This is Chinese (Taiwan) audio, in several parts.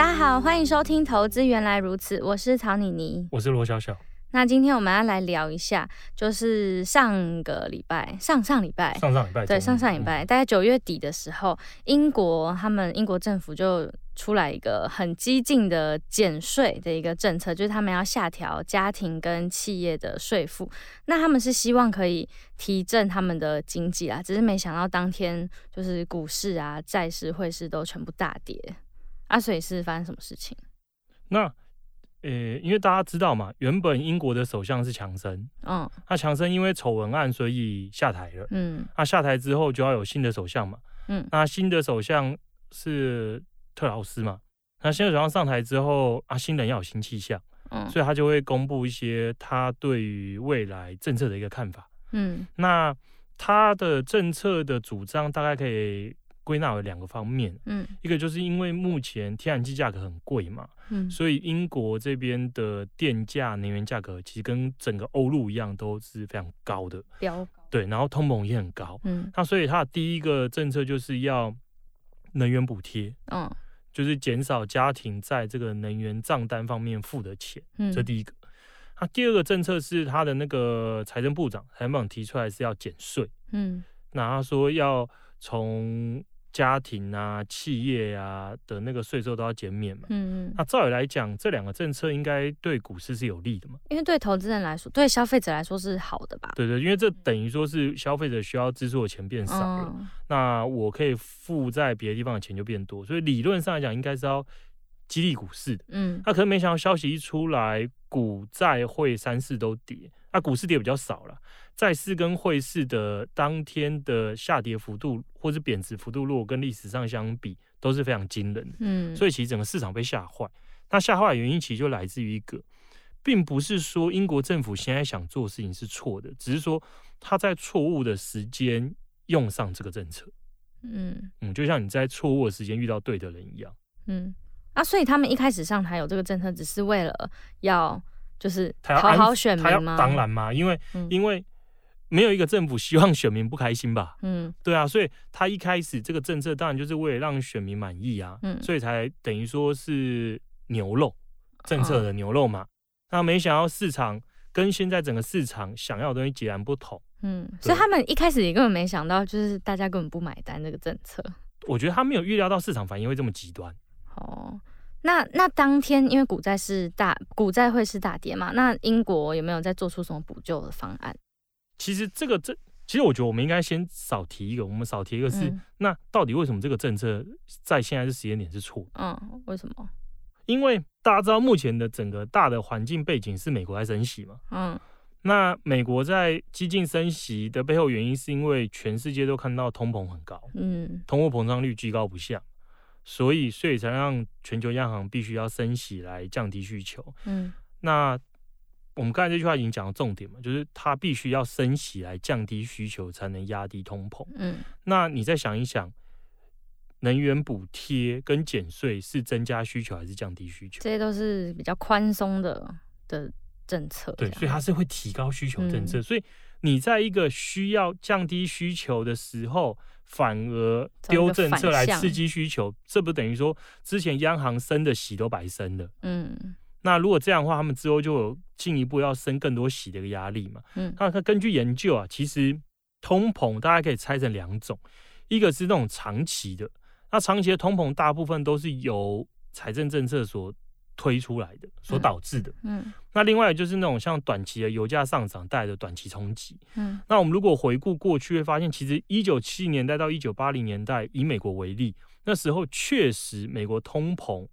大家好，歡迎收聽《投資原來如此》，我是曹妮妮，我是羅小小。那今天我們要來聊一下，就是上個禮拜、上上禮拜、上上禮拜，對，上上禮拜，嗯、大概九月底的時候，英國他們英國政府就出來一個很激進的減稅的一個政策，就是他們要下調家庭跟企業的稅負。那他們是希望可以提振他們的經濟啊，只是沒想到當天就是股市啊、債市、匯市都全部大跌。阿水、啊、是發生什麼事情？那，呃、欸，因為大家知道嘛，原本英國的首相是強生，嗯、哦，那強、啊、生因為醜聞案，所以下台了，嗯，那、啊、下台之後就要有新的首相嘛，嗯，那新的首相是特勞斯嘛，那新的首相上台之後，啊，新人要有新氣象，嗯，所以他就會公布一些他對於未來政策的一個看法，嗯，那他的政策的主張大概可以。歸納為兩個方面，嗯，一個就是因為目前天然氣價格很貴嘛，嗯，所以英國這邊的電價、能源價格其實跟整個歐陸一樣都是非常高的，了對，然後通膨也很高，嗯，那所以他的第一個政策就是要能源補貼，嗯、哦，就是減少家庭在這個能源賬單方面付的錢，嗯，這第一個。那第二個政策是他的那個財政部長，財政部長提出來是要減稅，嗯，那他說要從家庭啊、企業啊的那個稅收都要減免嘛。嗯，那照理來講，這兩個政策應該對股市是有利的嘛？因為對投資人來說，對消費者來說是好的吧？對，對對，因為這等於說是消費者需要支出的錢變少了，嗯、那我可以付在別的地方的錢就變多，所以理論上來講應該是要激勵股市的。嗯，那可能沒想到消息一出來，股債匯三市都跌。那、啊、股市跌也比較少了，債市跟匯市的當天的下跌幅度或是貶值幅度，如果跟歷史上相比，都是非常驚人的。嗯，所以其實整個市場被嚇壞。那嚇壞的原因其實就來自於一個，並不是說英國政府現在想做事情是錯的，只是說他在錯誤的時間用上這個政策。嗯嗯，就像你在錯誤的時間遇到對的人一樣。嗯，啊，所以他們一開始上台有這個政策，只是為了要，就是討好選民嗎？當然嘛，因為、嗯、因為沒有一個政府希望選民不開心吧。嗯，對啊，所以他一開始這個政策當然就是為了讓選民滿意啊。嗯，所以才等於說是牛肉政策的牛肉嘛。哦、那沒想到市場跟現在整個市場想要的東西截然不同。嗯，對所以他們一開始也根本沒想到，就是大家根本不買單這個政策。我覺得他沒有預料到市場反應會這麼極端。哦。那那當天，因為股債是大股債會是大跌嘛，那英國有沒有在做出什麼補救的方案？其實這個這其實我覺得我們應該先少提一個，我們少提一個是、嗯、那到底為什麼這個政策在現在這時間點是錯的？嗯，為什麼？因為大家知道目前的整個大的環境背景是美國在升息嘛。嗯，那美國在激進升息的背後原因是因為全世界都看到通膨很高，嗯，通貨膨脹率居高不下。所以，所以才讓全球央行必須要升息來降低需求。嗯，那我們剛才這句話已經講到重點嘛，就是它必須要升息來降低需求，才能壓低通膨。嗯，那你再想一想，能源補貼跟減稅是增加需求還是降低需求？這些都是比較寬鬆的的政策。對，所以它是會提高需求政策。嗯，所以你在一個需要降低需求的時候。反而丟政策來刺激需求，欸、這不等於說之前央行升的息都白升了？嗯，那如果這樣的話，他們之後就有進一步要升更多息的壓力嘛？嗯，那根據研究啊，其實通膨大家可以拆成兩種，一個是那種長期的，那長期的通膨大部分都是由財政政策所。推出來的所導致的，嗯，嗯那另外就是那種像短期的油價上漲帶來的短期衝擊，嗯，那我們如果回顧過去，會發現其實一九七零年代到一九八零年代，以美國為例，那時候確實美國通膨。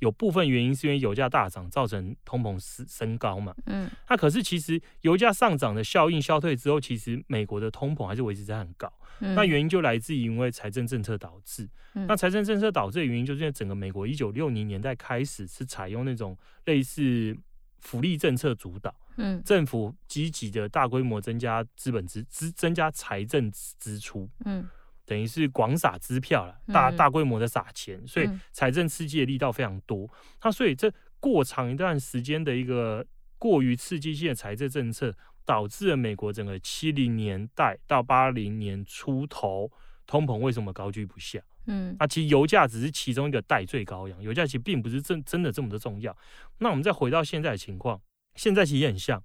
有部分原因是因為油價大漲造成通膨升高嘛。嗯，那可是其實油價上漲的效應消退之後，其實美國的通膨還是維持在很高。嗯，那原因就來自於因為財政政策導致。嗯，那財政政策導致的原因，就是因為整個美國一九六零年代開始是採用那種類似福利政策主導，嗯，政府積極的大規模增加資本支支增加財政支出，嗯。等於是廣撒支票了，大大規模的撒錢，嗯、所以財政刺激的力道非常多。嗯、那所以這過長一段時間的一個過於刺激性的財政政策，導致了美國整個七零年代到八零年初頭，通膨為什麼高居不下？嗯，啊，其實油價只是其中一個代罪羔羊，油價其實並不是真真的這麼的重要。那我們再回到現在的情況，現在其實也很像。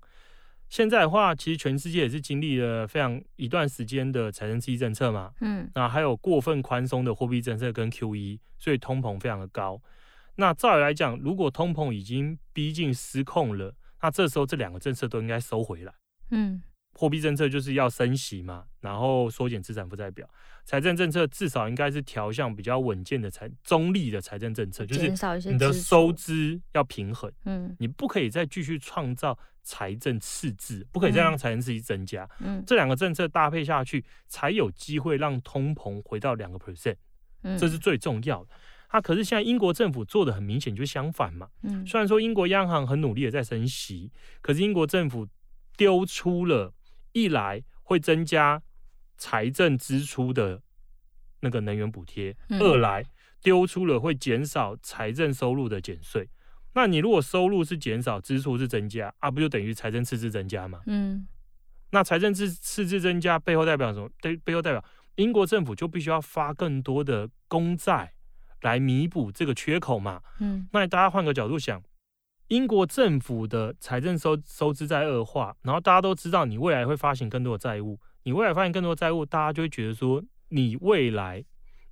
現在的話，其實全世界也是經歷了非常一段時間的財政刺激政策嘛，嗯，那還有過分寬鬆的貨幣政策跟 QE，所以通膨非常的高。那照理來講，如果通膨已經逼近失控了，那這時候這兩個政策都應該收回來。嗯。貨幣政策就是要升息嘛，然後縮減資產負債表。財政政策至少應該是調向比較穩健的財中立的財政政策，就是你的收支要平衡。你不可以再繼續創造財政赤字，嗯、不可以再讓財政赤字增加。嗯嗯、這兩個政策搭配下去，才有機會讓通膨回到兩個 percent。這是最重要的。它、嗯啊、可是現在英國政府做得很明顯就相反嘛。嗯、雖然說英國央行很努力的在升息，可是英國政府丟出了。一來會增加財政支出的那個能源補貼，嗯，二來丟出了會減少財政收入的減稅。那你如果收入是減少，支出是增加啊，不就等於財政赤字增加嗎？嗯，那財政赤，赤字增加背後代表什麼？背背後代表英國政府就必須要發更多的公債來彌補這個缺口嘛。嗯，那大家換個角度想。英國政府的財政收收支在惡化，然後大家都知道你未來會發行更多的債務，你未來發行更多債務，大家就會覺得說你未來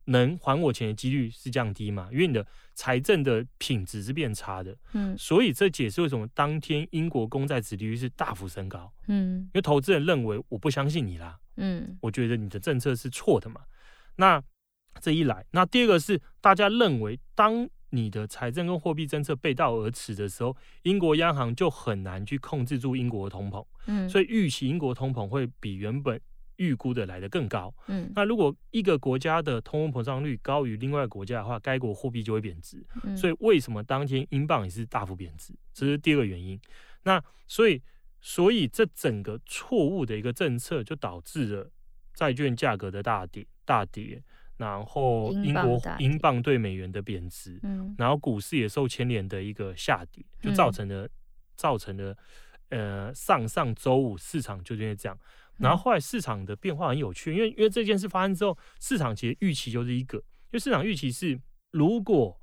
能還我錢的幾率是降低嘛。因為你的財政的品質是變差的，嗯，所以這解釋為什麼當天英國公債殖利率是大幅升高，嗯，因為投資人認為，我不相信你啦，嗯，我覺得你的政策是錯的嘛，那這一來，那第二個是大家認為當你的財政跟貨幣政策背道而馳的時候，英國央行就很難去控制住英國的通膨，嗯，所以預期英國通膨會比原本預估的來得更高，嗯，那如果一個國家的通貨膨脹率高於另外國家的話，該國貨幣就會貶值，嗯，所以為什麼當天英鎊也是大幅貶值？這是第二個原因，那所以所以這整個錯誤的一個政策就導致了債券價格的大跌大跌。然後英國英鎊對美元的貶值，然後股市也受牽連的一個下跌，嗯、就造成了造成了呃上上週五市場就因為這樣。然後後來市場的變化很有趣，嗯、因為因為這件事發生之後，市場其實預期就是一個，因為市場預期是如果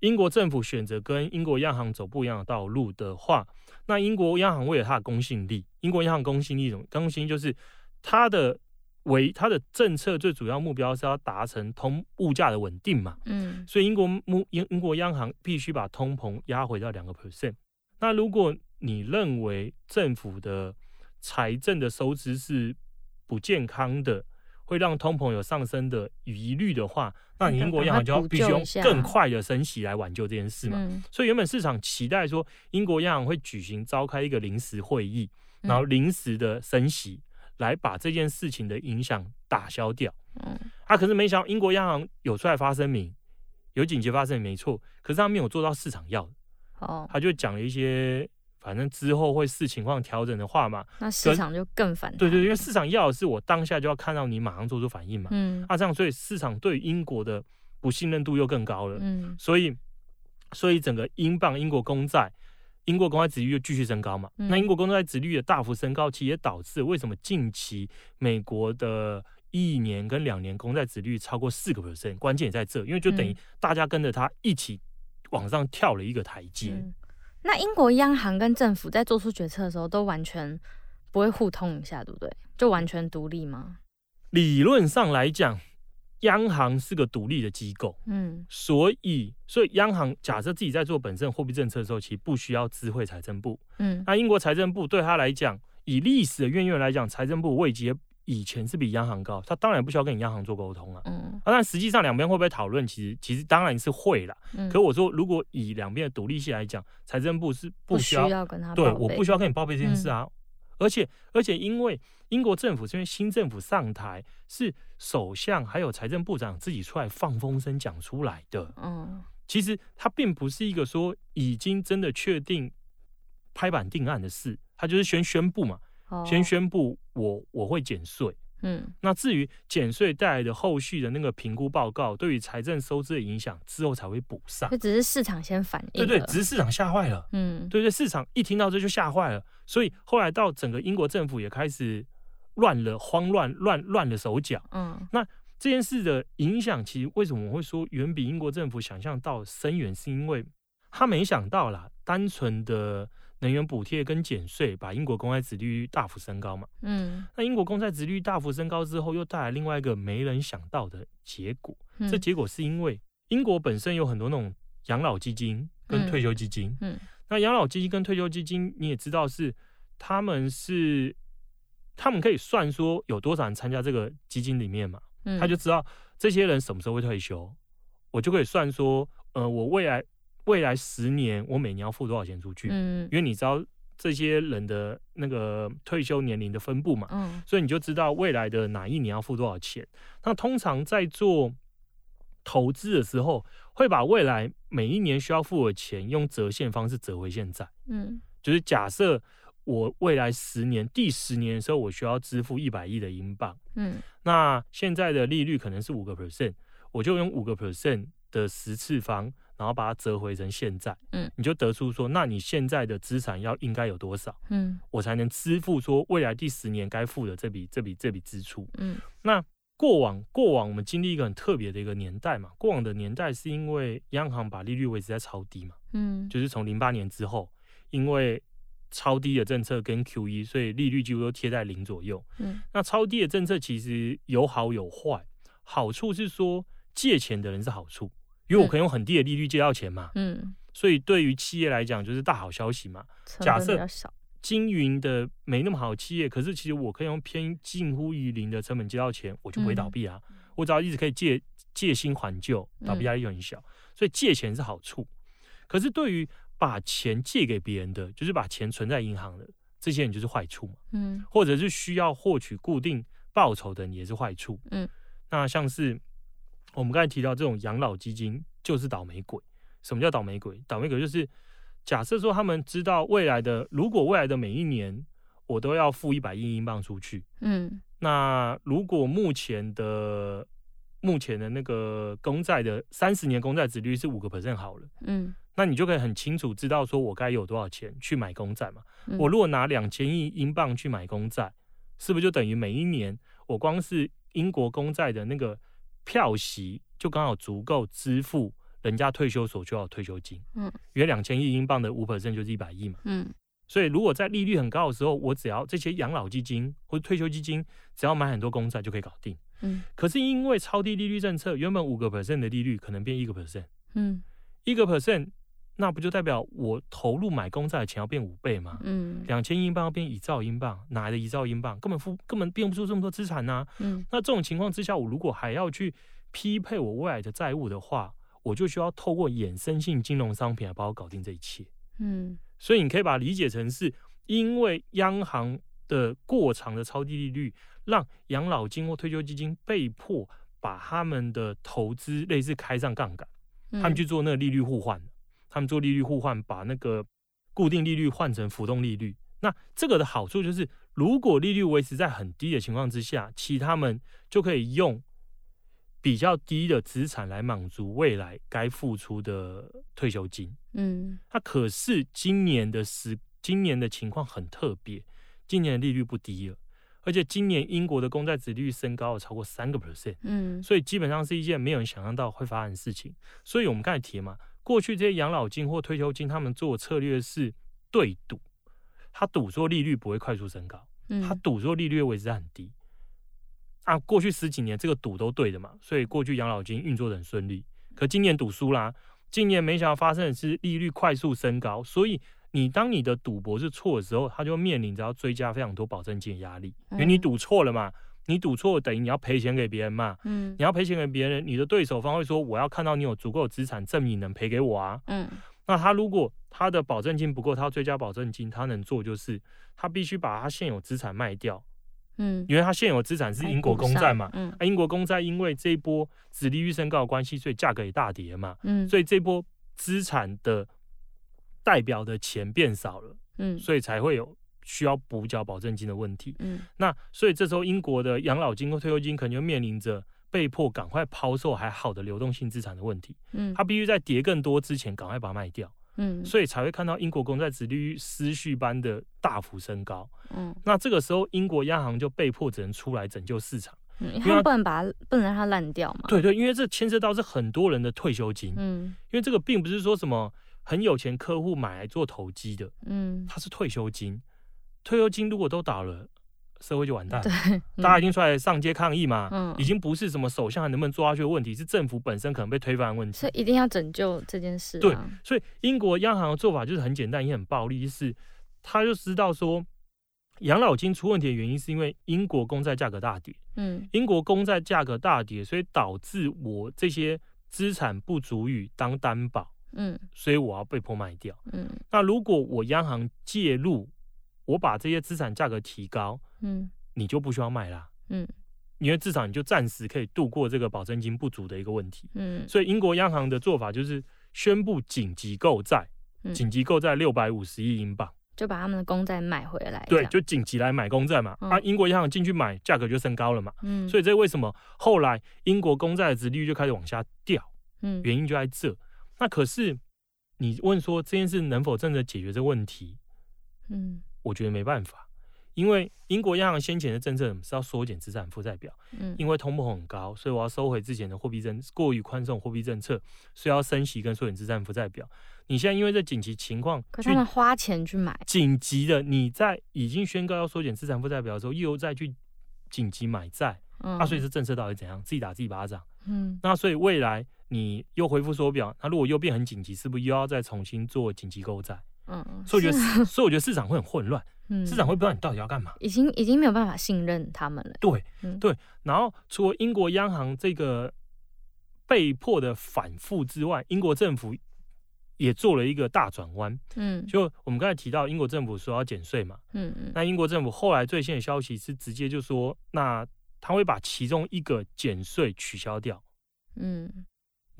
英國政府選擇跟英國央行走不一樣的道路的話，那英國央行為了它的公信力，英國央行公信力什麼公信力就是他的。為它的政策最主要目標是要達成通物價的穩定嘛，嗯，所以英國目英英國央行必須把通膨壓回到兩個 percent。那如果你認為政府的財政的收支是不健康的，會讓通膨有上升的疑慮的話，那你英國央行就要必須用更快的升息來挽救這件事嘛。嗯，所以原本市場期待說英國央行會舉行召開一個臨時會議，然後臨時的升息。來把這件事情的影響打消掉。嗯，啊，可是沒想到英國央行有出來發聲明，有緊急發聲明，沒錯。可是他沒有做到市場要的哦，他就講了一些反正之後會視情況調整的話嘛。那市場就更反對。對對，因為市場要的是我當下就要看到你馬上做出反應嘛。嗯，啊，這樣所以市場對英國的不信任度又更高了。嗯，所以所以整個英鎊、英國公債。英國公債殖利率又繼續升高嘛。嗯、那英國公債殖利率的大幅升高，其實也導致為什麼近期美國的一年跟兩年公債殖利率超過四個百分點，關鍵也在這，因為就等於大家跟着他一起往上跳了一個台階。嗯，那英國央行跟政府在做出決策的時候，都完全不會互通一下，對不對？就完全獨立嗎？理論上來講。央行是個獨立的機構，嗯，所以所以央行假設自己在做本身貨幣政策的時候，其實不需要知會財政部，嗯，那英國財政部對他來講，以歷史的淵源來講，財政部位階以前是比央行高，他當然不需要跟你央行做溝通了、啊，嗯，啊，但實際上兩邊會不會討論？其實其實當然是會啦，嗯、可我說如果以兩邊的獨立性來講，財政部是不需要，不需要跟他報備，對，我不需要跟你報備這件事啊。嗯而且，而且，因為英國政府這邊新政府上台，是首相還有財政部長自己出來放風聲講出來的。嗯，其實他並不是一個說已經真的確定拍板定案的事，他就是先宣布嘛，先宣布我我會減稅。嗯，那至於減稅帶來的後續的那個評估報告對於財政收支的影響，之後才會補上。這只是市場先反應，對,對對，只是市場嚇壞了，嗯，對,對對，市場一聽到這就嚇壞了，所以後來到整個英國政府也開始亂了慌亂，慌亂亂亂了手腳，嗯，那這件事的影響其實為什麼我會說遠比英國政府想象到深遠，是因為他沒想到啦，單純的。能源補貼跟減稅，把英國公債殖利率大幅升高嘛。嗯，那英國公債殖利率大幅升高之後，又帶來另外一個沒人想到的結果。嗯，這結果是因為英國本身有很多那種養老基金跟退休基金。嗯，嗯，那養老基金跟退休基金，你也知道是他們是他們可以算說有多少人參加這個基金裡面嘛。嗯，他就知道這些人什麼時候會退休，我就可以算說，呃，我未來，未來十年，我每年要付多少錢出去？因為你知道這些人的那個退休年齡的分布嘛，所以你就知道未來的哪一年要付多少錢。那通常在做投資的時候，會把未來每一年需要付的錢用折現方式折回現在。就是假設我未來十年第十年的時候，我需要支付一百億的英鎊。那現在的利率可能是五個 percent，我就用五個 percent。的十次方，然後把它折回成現在，嗯，你就得出說，那你現在的資產要應該有多少，嗯，我才能支付說未來第十年該付的這筆這筆這筆，這筆支出，嗯，那過往過往我們經歷一個很特別的一個年代嘛，過往的年代是因為央行把利率維持在超低嘛，嗯，就是從零八年之後，因為超低的政策跟 QE，所以利率幾乎都貼在零左右，嗯，那超低的政策其實有好有壞，好處是說借錢的人是好處。因為我可以用很低的利率借到錢嘛，嗯，所以對於企業來講，就是大好消息嘛。成本比較小。假設經營的沒那麼好的企業，可是其實我可以用偏近乎於零的成本借到錢，我就不會倒閉啊。嗯，我只要一直可以借借新還舊，倒閉壓力很小。嗯，所以借錢是好處，可是對於把錢借給別人的，就是把錢存在銀行的這些人就是壞處嘛，嗯，或者是需要獲取固定報酬的人的也是壞處，嗯，那像是。我們剛才提到這種養老基金就是倒霉鬼。什麼叫倒霉鬼？倒霉鬼就是假設說他們知道未來的，如果未來的每一年我都要付一百億英鎊出去，嗯，那如果目前的目前的那個公債的三十年公債殖率是五個 percent 好了，嗯，那你就可以很清楚知道說我該有多少錢去買公債嘛。我如果拿兩千億英鎊去買公債，是不是就等於每一年我光是英國公債的那個？票息就剛好足夠支付人家退休所需要的退休金，嗯，約兩千億英鎊的五 percent 就是一百億嘛，嗯，所以如果在利率很高的時候，我只要這些養老基金或者退休基金只要買很多公債就可以搞定，嗯，可是因為超低利率政策，原本五個 percent 的利率可能變一個 percent，嗯，一個 percent。那不就代表我投入買公債的錢要變五倍嗎？嗯，兩千英鎊要變一兆英鎊，哪來的一兆英鎊？根本付根本變不出這麼多資產吶、啊。嗯，那這種情況之下，我如果還要去匹配我未來的債務的話，我就需要透過衍生性金融商品來幫我搞定這一切。嗯，所以你可以把它理解成是，因為央行的過長的超低利率，讓養老金或退休基金被迫把他們的投資類似開上槓桿，嗯、他們去做那個利率互換。他們做利率互換，把那個固定利率換成浮動利率。那這個的好處就是，如果利率維持在很低的情況之下，其他們就可以用比較低的資產來滿足未來該付出的退休金。嗯，那可是今年的時，今年的情況很特別，今年的利率不低了，而且今年英國的公債殖利率升高了超過三個 percent。嗯，所以基本上是一件沒有人想象到會發生的事情。所以我們剛才提嘛。過去這些養老金或退休金，他們做的策略是對賭，他賭說利率不會快速升高，他賭說利率維持在很低。啊，過去十幾年這個賭都對的嘛，所以過去養老金運作得很順利。可今年賭輸啦，今年沒想到發生的是利率快速升高，所以你當你的賭博是錯的時候，他就面臨着要追加非常多保證金的壓力，因為你賭錯了嘛。你賭錯等於你要賠錢給別人嘛，嗯、你要賠錢給別人，你的對手方會說，我要看到你有足夠的資產證明能賠給我啊，嗯、那他如果他的保證金不夠，他要追加保證金，他能做就是他必須把他現有資產賣掉，嗯、因為他現有資產是英國公債嘛、哎嗯啊，英國公債因為這一波子利率升高的關係，所以價格也大跌嘛，嗯、所以這波資產的代表的錢變少了，嗯、所以才會有。需要補繳保證金的問題，嗯，那所以這時候英國的養老金或退休金可能就面臨着被迫趕快拋售還好的流動性資產的問題，嗯，它必須在跌更多之前趕快把它賣掉，嗯，所以才會看到英國公債殖利率失序般的大幅升高，嗯，那這個時候英國央行就被迫只能出來拯救市場，嗯，因為不能把它不，不能讓它爛掉嘛，對，對對，因為這牽涉到是很多人的退休金，嗯，因為這個並不是說什麼很有錢客戶買來做投機的，嗯，它是退休金。退休金如果都倒了，社會就完蛋。對，嗯、大家已經出來上街抗議嘛，嗯、已經不是什麼首相還能不能做下去的問題，嗯、是政府本身可能被推翻的問題。所以一定要拯救這件事，啊。對，所以英國央行的做法就是很簡單也很暴力，就是他就知道說，養老金出問題的原因是因為英國公債價格大跌。嗯，英國公債價格大跌，所以導致我這些資產不足以當擔保。嗯，所以我要被迫賣掉。嗯，那如果我央行介入。我把這些資產價格提高，嗯，你就不需要賣了、啊，嗯，因為至少你就暫時可以度過這個保證金不足的一個問題，嗯，所以英國央行的做法就是宣布緊急購債，緊、嗯、急購債六百五十億英鎊，就把他們的公債買回來，對，就緊急來買公債嘛，哦、啊，英國央行進去買，價格就升高了嘛，嗯，所以這為什麼後來英國公債的殖利率就開始往下掉，嗯，原因就在這，那可是你問說這件事能否真的解決這個問題，嗯。我覺得沒辦法，因為英國央行先前的政策是要縮減資產負債表，嗯，因為通膨很高，所以我要收回之前的貨幣政策過於寬鬆貨幣政策，所以要升息跟縮減資產負債表。你現在因為這緊急情況，可是你花錢去買緊急的，你在已經宣告要縮減資產負債表的時候，又再去緊急買債，嗯、啊，所以這政策到底怎樣？自己打自己巴掌，嗯，那所以未來你又恢復縮表，那如果又變很緊急，是不是又要再重新做緊急購債？嗯，哦、所以我覺得，啊、所以我覺得市場會很混亂，嗯、市場會不知道你到底要幹嘛，已經已經沒有辦法信任他們了。對，嗯、對。然後除了英國央行這個被迫的反覆之外，英國政府也做了一個大轉彎。嗯，就我們剛才提到英國政府說要減稅嘛，嗯嗯。那英國政府後來最新的消息是直接就說，那他會把其中一個減稅取消掉。嗯。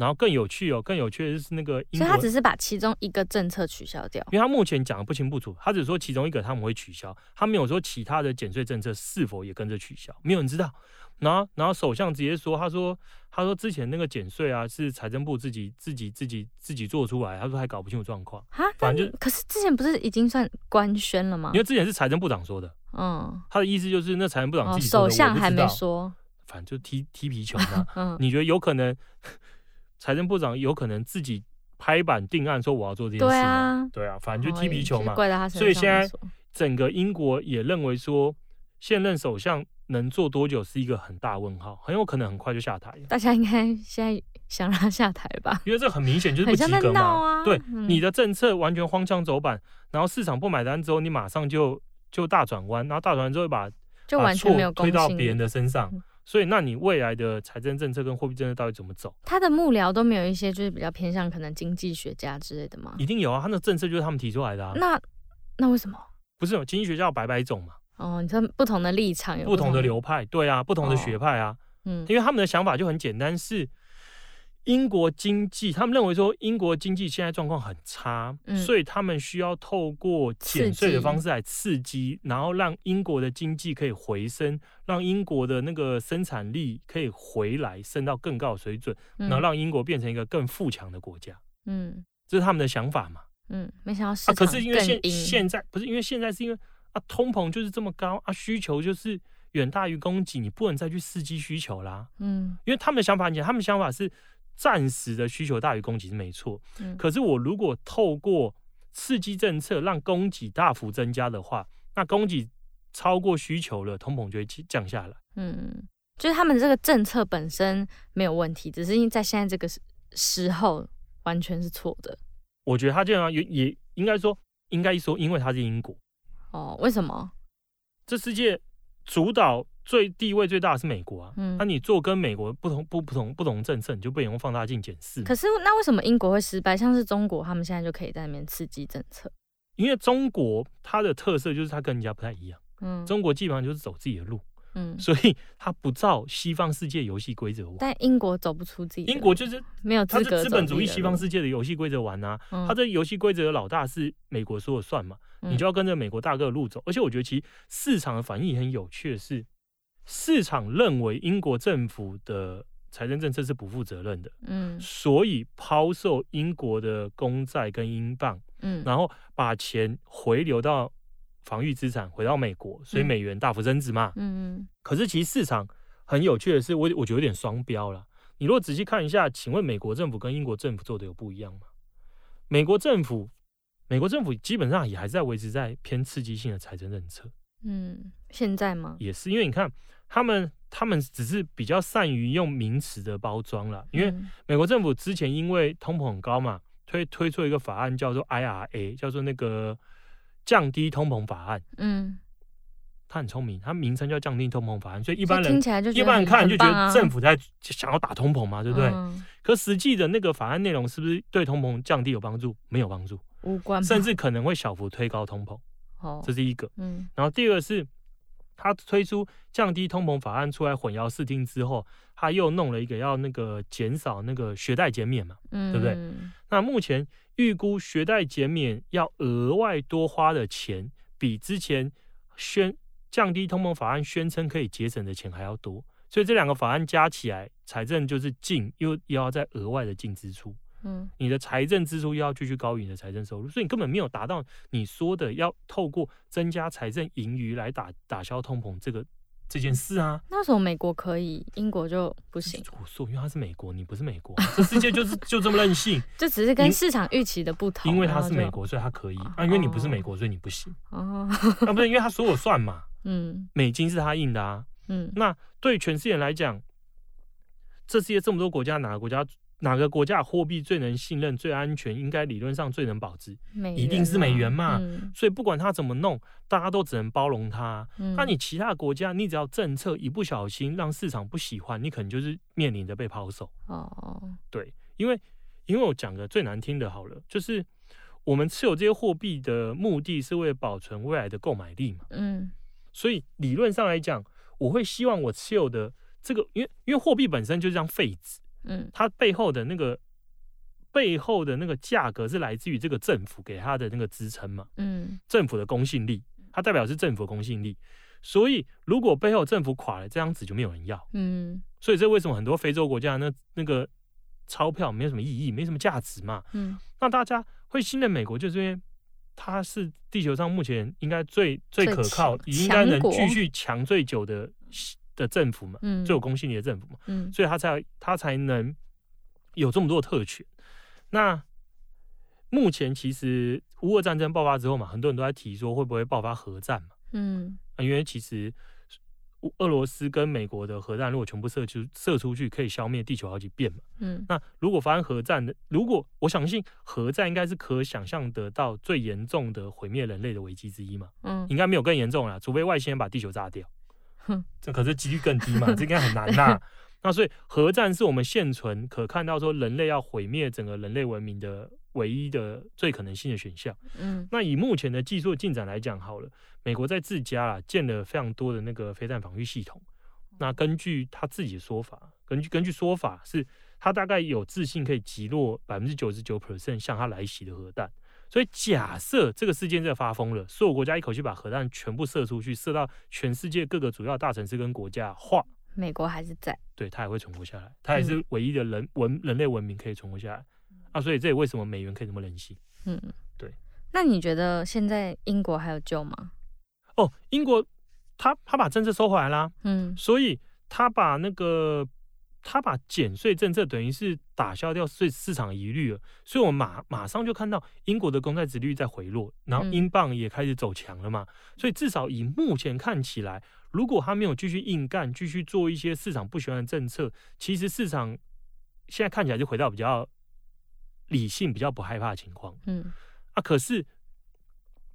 然後更有趣哦，更有趣的是那個，所以他只是把其中一個政策取消掉，因為他目前講的不清不楚，他只說其中一個他們會取消，他沒有說其他的減稅政策是否也跟着取消，沒有人知道。然後，然後首相直接說，他說，他說之前那個減稅啊是財政部自己自己自己自己做出來，他說還搞不清楚狀況啊，蛤反正就，但可是之前不是已經算官宣了嗎？因為之前是財政部長說的，嗯，他的意思就是那財政部長自己說的、哦、首相還沒說，反正就踢踢皮球、啊、 嗯，你覺得有可能？財政部長有可能自己拍板定案，說我要做這件事。對啊，對啊，反正就踢皮球嘛，哦、是怪他。所以現在整個英國也認為說，現任首相能做多久是一個很大問號，很有可能很快就下台。大家應該現在想讓他下台吧？因為這很明顯就是不及格嘛。啊、對，嗯、你的政策完全荒腔走板，然後市場不買單之後，你馬上就就大轉彎，然後大轉彎之後把就完全沒有、錯、推到別人的身上。嗯所以，那你未來的財政政策跟貨幣政策到底怎麼走？他的幕僚都沒有一些就是比較偏向可能經濟學家之類的嗎？一定有啊，他的政策就是他們提出來的啊。那那為什麼？不是有經濟學家有百百種嘛？哦，你說不同的立場有，不同的流派，對啊，不同的學派啊，嗯、哦，因為他們的想法就很簡單，是。英國經濟，他們認為說英國經濟現在狀況很差，嗯、所以他們需要透過減稅的方式來刺激，刺激然後讓英國的經濟可以回升，讓英國的那個生產力可以回來升到更高的水準，嗯、然後讓英國變成一個更富強的國家。嗯，這是他們的想法嘛？嗯，沒想到、啊、可是因為現現在不是因為現在是因為啊，通膨就是這麼高啊，需求就是遠大於供給，你不能再去刺激需求啦。嗯，因為他們的想法，你講他們的想法是。暫時的需求大於供給是沒錯，嗯，可是我如果透過刺激政策讓供給大幅增加的話，那供給超過需求了，通膨就會降下來。嗯，就是他們這個政策本身沒有問題，只是因為在現在這個時候完全是錯的。我覺得他這樣也也應該說，應該說，因為他是英國。哦，為什麼？這世界。主導最地位最大的是美國啊，嗯，那你做跟美國不同不不同不同政策，你就被人用放大鏡檢視。可是那為什麼英國會失敗？像是中國，他們現在就可以在那邊刺激政策，因為中國它的特色就是它跟人家不太一樣，嗯，中國基本上就是走自己的路。嗯，所以他不照西方世界遊戲規則玩，但英國走不出自，英國就是沒有資格。他是資本主義西方世界的遊戲規則玩啊，他這遊戲規則的老大是美國說了算嘛，你就要跟着美國大哥的路走。而且我覺得其實市場的反應很有趣的是，市場認為英國政府的財政政策是不負責任的，嗯，所以拋售英國的公債跟英鎊，嗯，然後把錢回流到。防禦資產回到美國，所以美元大幅增值嘛。嗯嗯。可是其實市場很有趣的是，我我覺得有點雙標了。你如果仔細看一下，請問美國政府跟英國政府做的有不一樣嗎？美國政府，美國政府基本上也還是在維持在偏刺激性的財政政策。嗯，現在嗎？也是因為你看，他們他們只是比較善於用名詞的包裝了。因為美國政府之前因為通膨很高嘛，推推出一個法案叫做 IRA，叫做那個。降低通膨法案，嗯，他很聰明，他名稱叫降低通膨法案，所以一般人一般人看就覺得政府在想要打通膨嘛，啊、對不對？嗯、可實際的那個法案內容是不是對通膨降低有幫助？沒有幫助，無關，甚至可能會小幅推高通膨。哦好，這是一個。嗯，然後第二個是。他推出降低通膨法案出來混淆視聽之後，他又弄了一個要那個減少那個學貸減免嘛，嗯、對不對？那目前預估學貸減免要額外多花的錢，比之前宣降低通膨法案宣稱可以節省的錢還要多，所以這兩個法案加起來，財政就是進又要再額外的進支出。嗯，你的財政支出又要繼續高於你的財政收入，所以你根本沒有達到你說的要透過增加財政盈餘來打打消通膨這個這件事啊。那時候美國可以，英國就不行。我說，因為他是美國，你不是美國， 這世界就是就這麼任性。這 只是跟市場預期的不同。因為他是美國， 所以他可以 啊，因為你不是美國，所以你不行。哦， 啊，不是，因為他說了算嘛。 嗯，美金是他印的啊。嗯，那對全世界來講，這世界這麼多國家，哪個國家？哪個國家貨幣最能信任、最安全，應該理論上最能保值，一定是美元嘛？嗯、所以不管它怎麼弄，大家都只能包容它。嗯、那你其他國家，你只要政策一不小心讓市場不喜歡，你可能就是面臨着被拋售。哦哦，對，因為因為我講個最難聽的，好了，就是我們持有這些貨幣的目的是為了保存未來的購買力嘛。嗯，所以理論上來講，我會希望我持有的這個，因為因為貨幣本身就是張廢紙。嗯，它背後的那個背後的那個價格是來自於這個政府給它的那個支撐嘛？嗯，政府的公信力，它代表是政府的公信力。所以如果背後政府垮了，這張紙就沒有人要。嗯，所以這為什麼很多非洲國家那那個鈔票沒有什麼意義，沒什麼價值嘛？嗯，那大家會信任美國，就是因為它是地球上目前應該最最可靠，國應該能繼續強最久的的政府嘛，嗯，最有公信力的政府嘛，嗯，所以他才他才能有這麼多的特權。那目前其實烏俄戰爭爆發之後嘛，很多人都在提說會不會爆發核戰嘛，嗯，因為其實俄羅斯跟美國的核彈如果全部射出射出去，可以消滅地球好幾遍嘛，嗯，那如果發生核戰的，如果我相信核戰應該是可想象得到最嚴重的毀滅人類的危機之一嘛，嗯，應該沒有更嚴重啦，除非外星人把地球炸掉。這可是幾率更低嘛，這應該很難啦、啊。 那所以核戰是我們現存可看到說人類要毀滅整個人類文明的唯一的最可能性的選項。嗯，那以目前的技術進展來講，好了，美國在自家啊建了非常多的那個飛彈防禦系統。那根據他自己的說法，根據根據說法是，他大概有自信可以擊落百分之九十九 percent 向他來襲的核彈。所以假設這個事件在發瘋了，所有國家一口氣把核彈全部射出去，射到全世界各個主要大城市跟國家，畫美國還是在，對，他也會存活下來，他也是唯一的人、嗯、文人類文明可以存活下來。啊，所以這也為什麼美元可以這麼任性。嗯嗯，對。那你覺得現在英國還有救嗎？哦，英國他他把政策收回來啦，嗯，所以他把那個。他把減稅政策等於是打消掉市市場疑慮了，所以我們，我馬馬上就看到英國的公債殖利率在回落，然後英鎊也開始走強了嘛。嗯、所以，至少以目前看起來，如果他沒有繼續硬幹，繼續做一些市場不喜歡的政策，其實市場現在看起來就回到比較理性、比較不害怕的情況。嗯，啊，可是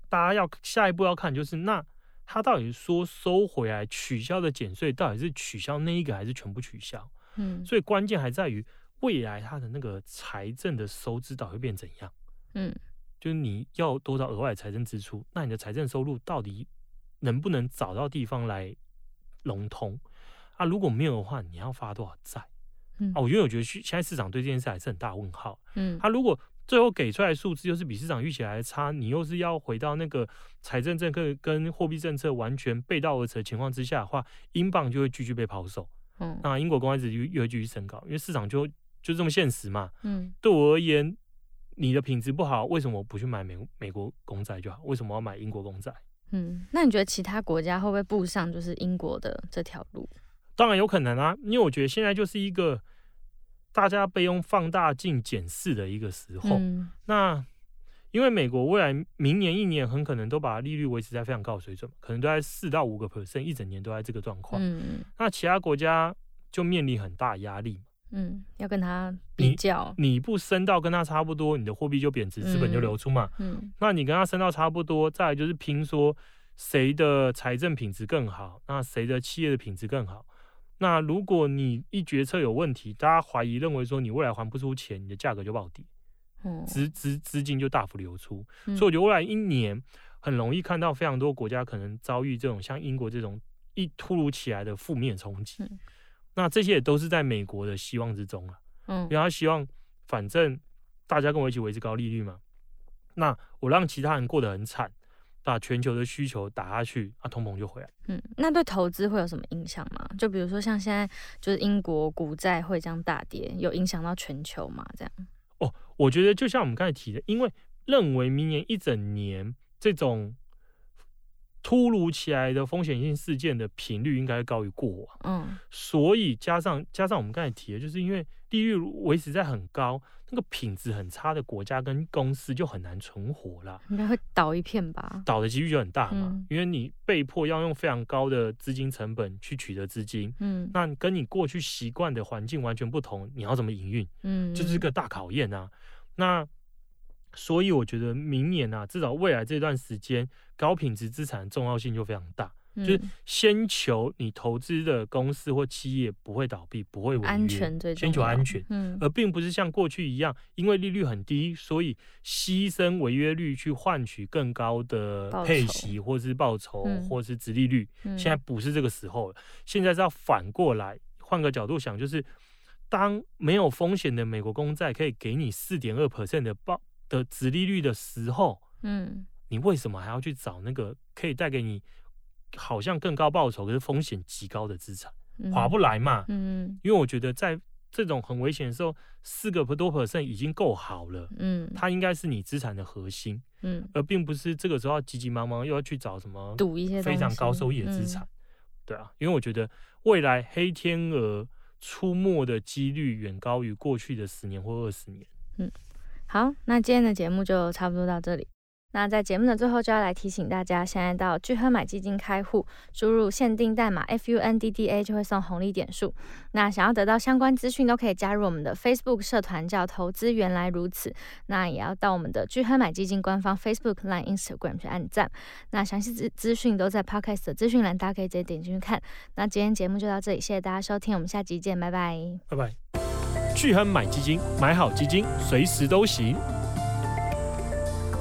大家要下一步要看，就是那他到底說收回來取消的減稅，到底是取消那一個，還是全部取消？嗯，所以關鍵還在於未來它的那個財政的收支到底變怎樣？嗯，就是你要多少額外財政支出，那你的財政收入到底能不能找到地方來融通？啊，如果沒有的話，你要發多少債？嗯、啊，我覺得我覺得現在市場對這件事還是很大問號。嗯、啊，它如果最後給出來的數字又是比市場預期來的差，你又是要回到那個財政政策跟貨幣政策完全背道而馳的情況之下的話，英鎊就會繼續被拋售。嗯，那英國公債就又會繼續升高，因為市場就就這麼現實嘛。嗯，對我而言，你的品質不好，為什麼不去買美美國公債就好？為什麼要買英國公債？嗯，那你覺得其他國家會不會步上就是英國的這條路？當然有可能啊，因為我覺得現在就是一個大家被用放大鏡檢視的一個時候。嗯，那。因為美國未來明年一年很可能都把利率維持在非常高的水準，可能都在四到五個 n t 一整年都在這個狀況。嗯、那其他國家就面臨很大壓力。嗯，要跟它，比較你，你不升到跟它差不多，你的貨幣就貶值，資本就流出嘛。嗯。嗯，那你跟它升到差不多，再來就是拼說誰的財政品質更好，那誰的企業的品質更好。那如果你一決策有問題，大家懷疑認為說你未來還不出錢，你的價格就暴跌。資資資金就大幅流出，所以我覺得未來一年很容易看到非常多國家可能遭遇這種像英國這種一突如其來的負面衝擊。那這些也都是在美國的希望之中啊，嗯，因為他希望反正大家跟我一起維持高利率嘛，那我讓其他人過得很慘，把全球的需求打下去，啊，通膨就回來。嗯，那對投資會有什麼影響嗎？就比如說像現在就是英國股債匯這樣大跌，有影響到全球嗎？這樣？我覺得就像我們剛才提的，因為，認為明年一整年這種突如其來的風險性事件的頻率應該高於過往，嗯，所以加上加上我們剛才提的，就是因為利率維持在很高。那個品質很差的國家跟公司就很難存活了，應該會倒一片吧？倒的幾率就很大嘛，嗯，因為你被迫要用非常高的資金成本去取得資金，嗯，那跟你過去習慣的環境完全不同，你要怎麼營運？嗯，這是個大考驗啊。那所以我覺得明年啊，至少未來這段時間，高品質資產的重要性就非常大。就是先求你投資的公司或企業不會倒閉，不會違約，安全先求安全。嗯、而並不是像過去一樣，因為利率很低，所以犧牲違約率去換取更高的配息，報酬，或是報酬，嗯，或是殖利率。嗯，現在不是這個時候了，現在是要反過來換個角度想，就是當沒有風險的美國公債可以給你四點二%的報的殖利率的時候，嗯，你為什麼還要去找那個可以帶給你好像更高報酬，可是風險極高的資產，劃、嗯、不來嘛。嗯，因為我覺得在這種很危險的時候，四個多 percent 已經夠好了。嗯，它應該是你資產的核心。嗯，而並不是這個時候要急急忙忙又要去找什麼賭一些非常高收益的資產。嗯、對啊，因為我覺得未來黑天鵝出沒的幾率遠高於過去的十年或二十年。嗯，好，那今天的節目就差不多到這裡。那在節目的最後就要來提醒大家，現在到鉅亨買基金開戶，輸入限定代碼 F U N D D A 就會送紅利點數。那想要得到相關資訊，都可以加入我們的 Facebook 社團，叫投資原來如此。那也要到我們的鉅亨買基金官方 Facebook、Line、Instagram 去按讚。那詳細資資訊都在 Podcast 的資訊欄，大家可以直接點進去看。那今天節目就到這裡，謝謝大家收聽，我們下集見，拜拜。拜拜。鉅亨買基金，買好基金，隨時都行。